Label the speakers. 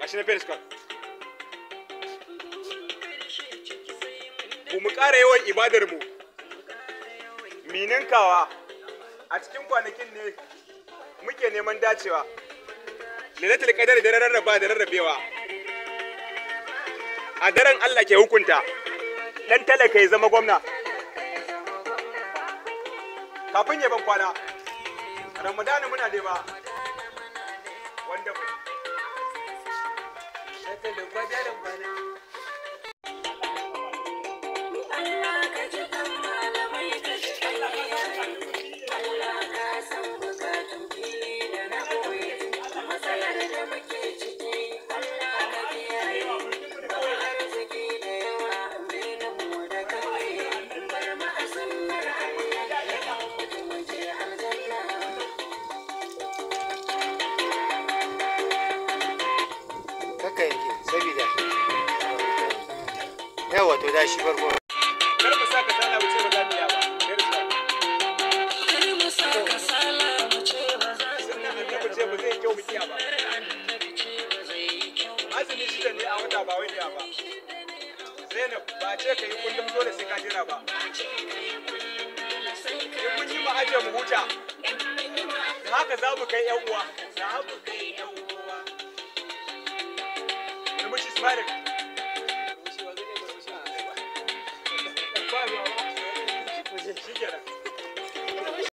Speaker 1: gashi na fere squat mu ƙara yawan ibadar mu mininkawa a cikin kwanakin ne muke neman dacewa lailatul qadar da rarraba da rarrabewa a daren Allah ke hukunta dan talaka ya zama gwamna kafin ya ban kwana ramadana muna ne ba
Speaker 2: ta lukwadarin bana
Speaker 1: haka yake saboda yawa to da shi farko kar ba za yi ba kar ce za ba zai kyau mu ba a wata ba wai ne ba Zainab ba ce ka yi kullum dole sai ka jira ba in mun yi mu huta da haka za mu kai yan uwa
Speaker 2: za mu kai yan uwa
Speaker 1: Vai,